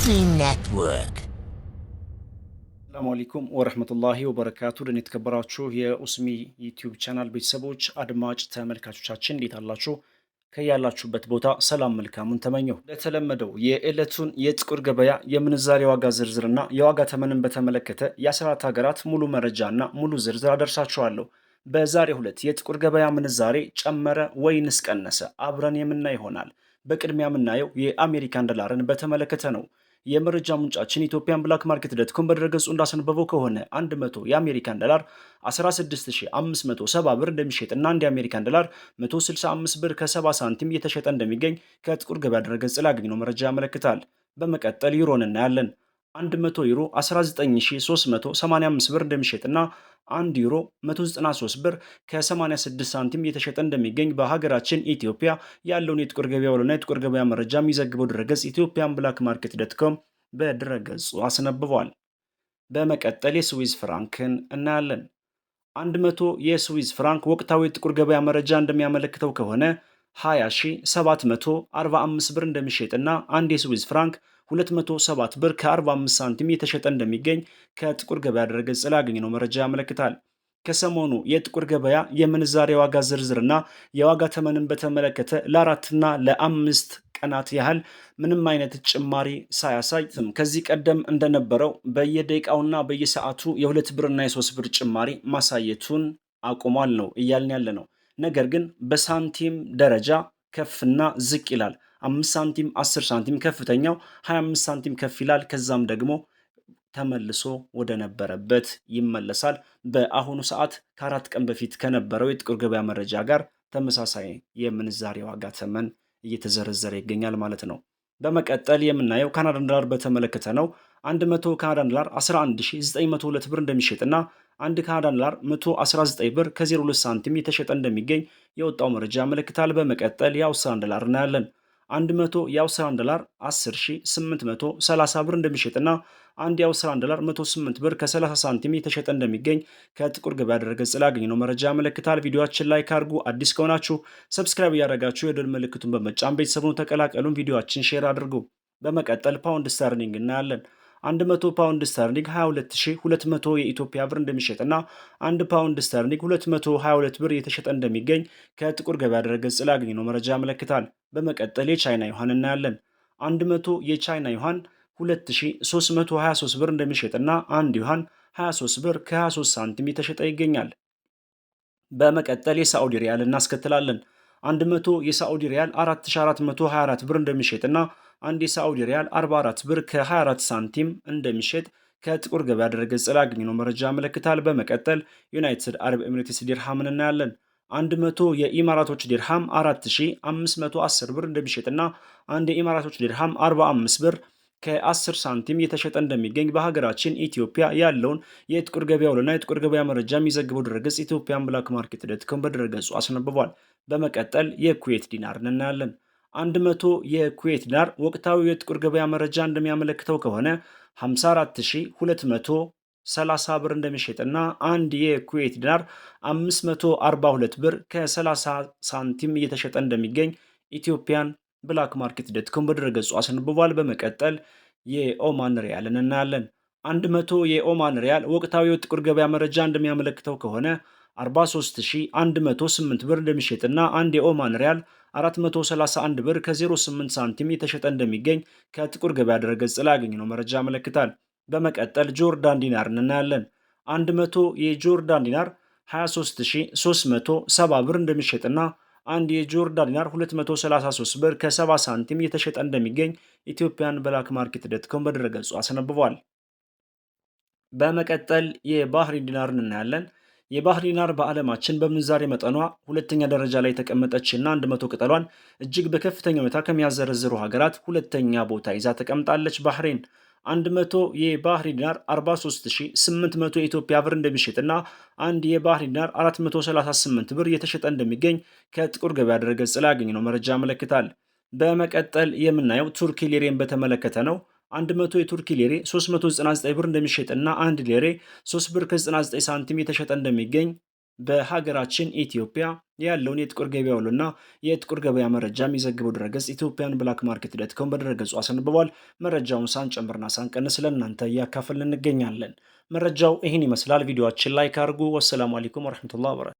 Network. ሰላም አለይኩም ወረህመቱላሂ ወበረካቱ። ደን የተከበራችሁ የኡስሚ ዩቲዩብ ቻናል ቤተሰቦች አድማጭ ተመልካቾቻችን እንዴት አላችሁ? ከያላችሁበት ቦታ ሰላም መልካሙን ተመኘሁ። ለተለመደው የዕለቱን የጥቁር ገበያ የምንዛሬ ዋጋ ዝርዝርና የዋጋ ተመንን በተመለከተ የአስራት ሀገራት ሙሉ መረጃና ሙሉ ዝርዝር አደርሳችኋለሁ። በዛሬ ሁለት የጥቁር ገበያ ምንዛሬ ጨመረ ወይንስ ቀነሰ? አብረን የምናይ ይሆናል። በቅድሚያ የምናየው የአሜሪካን ዶላርን በተመለከተ ነው። የመረጃ ምንጫችን ኢትዮጵያን ብላክ ማርኬት ዶት ኮም በድረገጹ እንዳስነበበው ከሆነ 100 የአሜሪካን ዶላር 16570 ብር እንደሚሸጥና አንድ የአሜሪካን ዶላር 165 ብር ከ70 ሳንቲም እየተሸጠ እንደሚገኝ ከጥቁር ገበያ ድረገጽ ላይ መረጃ ያመለክታል። በመቀጠል ዩሮን እናያለን። 100 ዩሮ 19385 ብር እንደሚሸጥና 1 ዩሮ 193 ብር ከ86 ሳንቲም እየተሸጠ እንደሚገኝ በሀገራችን ኢትዮጵያ ያለውን የጥቁር ገበያ ውሎና የጥቁር ገበያ መረጃ የሚዘግበው ድረገጽ ኢትዮጵያን ብላክ ማርኬት ዶትኮም በድረገጹ አስነብቧል። በመቀጠል የስዊዝ ፍራንክን እናያለን። 100 የስዊዝ ፍራንክ ወቅታዊ የጥቁር ገበያ መረጃ እንደሚያመለክተው ከሆነ 20745 ብር እንደሚሸጥና አንድ የስዊዝ ፍራንክ 207 ብር ከ45 ሳንቲም የተሸጠ እንደሚገኝ ከጥቁር ገበያ ድረገጽ ነው መረጃ ያመለክታል። ከሰሞኑ የጥቁር ገበያ የምንዛሬ ዋጋ ዝርዝርና የዋጋ ተመንን በተመለከተ ለአራትና ለአምስት ቀናት ያህል ምንም አይነት ጭማሪ ሳያሳይም ከዚህ ቀደም እንደነበረው በየደቂቃውና በየሰዓቱ የሁለት ብርና የሶስት ብር ጭማሪ ማሳየቱን አቁሟል ነው እያልን ያለ ነው። ነገር ግን በሳንቲም ደረጃ ከፍና ዝቅ ይላል። አምስት ሳንቲም አስር ሳንቲም ከፍተኛው 25 ሳንቲም ከፍ ይላል። ከዛም ደግሞ ተመልሶ ወደ ነበረበት ይመለሳል። በአሁኑ ሰዓት ከአራት ቀን በፊት ከነበረው የጥቁር ገበያ መረጃ ጋር ተመሳሳይ የምንዛሬ ዋጋ ተመን እየተዘረዘረ ይገኛል ማለት ነው። በመቀጠል የምናየው ካናዳን ዶላር በተመለከተ ነው። 100 ካናዳን ዶላር 11902 ብር እንደሚሸጥና አንድ ካናዳን ዶላር 119 ብር ከ02 ሳንቲም የተሸጠ እንደሚገኝ የወጣው መረጃ ያመለክታል። በመቀጠል የአውስትራሊያን ዶላር እናያለን። 100 የአውስትራን ዶላር 10830 ብር እንደሚሸጥና አንድ የአውስትራን ዶላር 108 ብር ከ30 ሳንቲም የተሸጠ እንደሚገኝ ከጥቁር ገበያ ድረገጽ ላይ ያገኘነው መረጃ ያመለክታል። ቪዲዮችን ላይ ካርጉ አዲስ ከሆናችሁ ሰብስክራይብ እያደረጋችሁ የደወል ምልክቱን በመጫን ቤተሰቡን ተቀላቀሉን። ቪዲዮችን ሼር አድርጉ። በመቀጠል ፓውንድ ስተርሊንግ እናያለን። 100 ፓውንድ ስተርሊንግ 22200 የኢትዮጵያ ብር እንደሚሸጥና 1 ፓውንድ ስተርሊንግ 222 ብር የተሸጠ እንደሚገኝ ከጥቁር ገበያ ድረገጽ ነው መረጃ ያመለክታል። በመቀጠል የቻይና ዩሃን እናያለን። 100 የቻይና ዩሃን 2323 ብር እንደሚሸጥና 1 ዩሃን 23 ብር ከ23 ሳንቲም የተሸጠ ይገኛል። በመቀጠል የሳዑዲ ሪያል እናስከትላለን። 100 የሳዑዲ ሪያል 4424 ብር እንደሚሸጥና አንድ የሳዑዲ ሪያል 44 ብር ከ24 ሳንቲም እንደሚሸጥ ከጥቁር ገበያ ድረገጽ ላይ ያገኘነው መረጃ ያመለክታል። በመቀጠል ዩናይትድ አረብ ኤምሬትስ ዲርሃምን እናያለን። 100 የኢማራቶች ዲርሃም 4510 ብር እንደሚሸጥና አንድ የኢማራቶች ዲርሃም 45 ብር ከ10 ሳንቲም የተሸጠ እንደሚገኝ በሀገራችን ኢትዮጵያ ያለውን የጥቁር ገበያ ውልና የጥቁር ገበያ መረጃ የሚዘግበው ድረገጽ ኢትዮጵያን ብላክ ማርኬት ዶት ኮም በድረገጹ አስነብቧል። በመቀጠል የኩዌት ዲናርን እናያለን። 100 የኩዌት ዳር ወቅታዊ የጥቁር ገበያ መረጃ እንደሚያመለክተው ከሆነ 54230 ብር እንደሚሸጥና አንድ የኩዌት ዳር 542 ብር ከ30 ሳንቲም እየተሸጠ እንደሚገኝ ኢትዮጵያን ብላክ ማርኬት ዶትኮም በድረገጹ አስነብቧል። በመቀጠል የኦማን ሪያልን እናያለን። 100 የኦማን ሪያል ወቅታዊ የጥቁር ገበያ መረጃ እንደሚያመለክተው ከሆነ 43108 ብር እንደሚሸጥና አንድ የኦማን ሪያል 431 ብር ከ08 ሳንቲም የተሸጠ እንደሚገኝ ከጥቁር ገበያ ድረገጽ ላይ ያገኘነው መረጃ ያመለክታል። በመቀጠል ጆርዳን ዲናርን እናያለን። 100 የጆርዳን ዲናር 23370 ብር እንደሚሸጥና አንድ የጆርዳን ዲናር 233 ብር ከ70 ሳንቲም የተሸጠ እንደሚገኝ ኢትዮጵያን ብላክ ማርኬት ዶትኮም በድረገጹ አስነብቧል። በመቀጠል የባህሪን ዲናርን እናያለን። የባህር ዲናር በዓለማችን በምንዛሬ መጠኗ ሁለተኛ ደረጃ ላይ አንድ መቶ ቅጠሏን እጅግ በከፍተኛ ሁኔታ ከሚያዘረዝሩ ሀገራት ሁለተኛ ቦታ ይዛ ተቀምጣለች። ባህሬን 100 የባህሪ ዲናር 43800 የኢትዮጵያ ብር እንደሚሸጥና አንድ የባህር ዲናር 438 ብር የተሸጠ እንደሚገኝ ከጥቁር ገበያ ድረገጽ ላይ ያገኘነው መረጃ ያመለክታል። በመቀጠል የምናየው ቱርኪ ሊሬን በተመለከተ ነው። 100 የቱርኪ ሊሬ 399 ብር እንደሚሸጥና አንድ ሊሬ 3 ብር ከ99 ሳንቲም የተሸጠ እንደሚገኝ በሀገራችን ኢትዮጵያ ያለውን የጥቁር ገበያ ውልና የጥቁር ገበያ መረጃ የሚዘግበው ድረገጽ ኢትዮጵያን ብላክ ማርኬት ዶት በድረገጹ አስነብቧል። መረጃውን ሳንጨምርና ሳንቀንስ ለእናንተ እያካፈልን እንገኛለን። መረጃው ይህን ይመስላል። ቪዲዮችን ላይክ አድርጉ። ወሰላሙ አሌይኩም ወረሕመቱላሂ ወበረካቱህ።